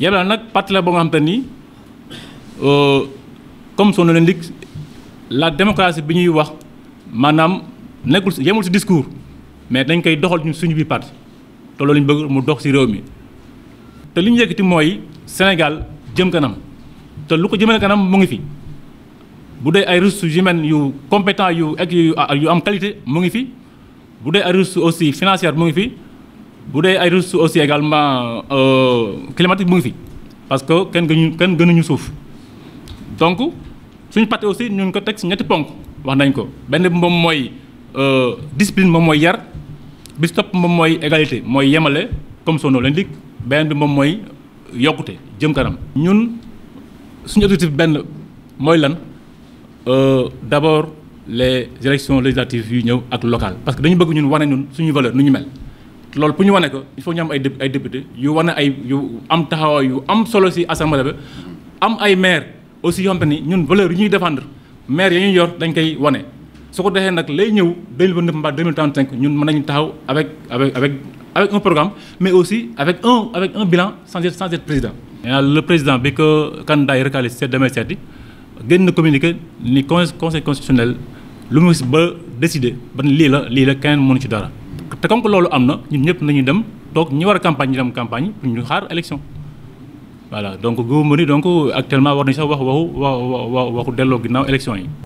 Yelal nag parti la boo nga xam te ni euh, comme son nom l'indique la démocratie bi ñuy wax maanaam nekkul si yemul si discours mais dañ koy doxal ñu suñu biir part te loolu ñu bëgg mu dox si réew mi te li ñu yëkkati mooy Sénégal jëm kanam te lu ko jëmale kanam mu ngi fi bu dee ay ressources humaines yu compétent yu ak yu am qualité mu ngi fi. bu dee ay ressources aussi financière mu ngi fi bu dee ay ressources aussi également euh, climatique mu ngi fi parce que kenn gënuñu kenn gënuñu suuf donc suñu parti aussi ñu ngi ko teg si ñetti ponk wax nañ ko benn bi moom mooy euh, discipline moom mooy yar bi si moom mooy égalité mooy yemale comme son nom dikk benn bi moom mooy yokkute jëm kanam. ñun suñu objectif benn mooy lan euh, d'abord. les élections législatives yu ñëw ak locales parce que dañu bëgg ñun wane ñun suñu valeur nu ñu mel loolu pour ñu wane ko il faut ñu am ay ay député yu wane ay yu am taxawaay yu am solo si assemblée ba am ay maire aussi yoo xam ni ñun valeur yu ñuy défendre maire ya ñuy yor dañ koy wane su ko defee nag lay ñëw 2029 mbaa cinq ñun mën nañu taxaw avec avec avec avec un programme mais aussi avec un avec un bilan sans être sans être président le président bi ko candidat yi recalé seet demee seeti génn na ni conseil constitutionnel lu mu gis ba décider ba lii la lii la keneen mënu ci dara te comme que loolu am na ñun ñëpp nañu dem toog ñi war a campagne dem campagne pour ñu xaar élection voilà donc gouvernement ni donc actuellement war nañu sax wax waxu wa waxu delloo ginnaaw élection yi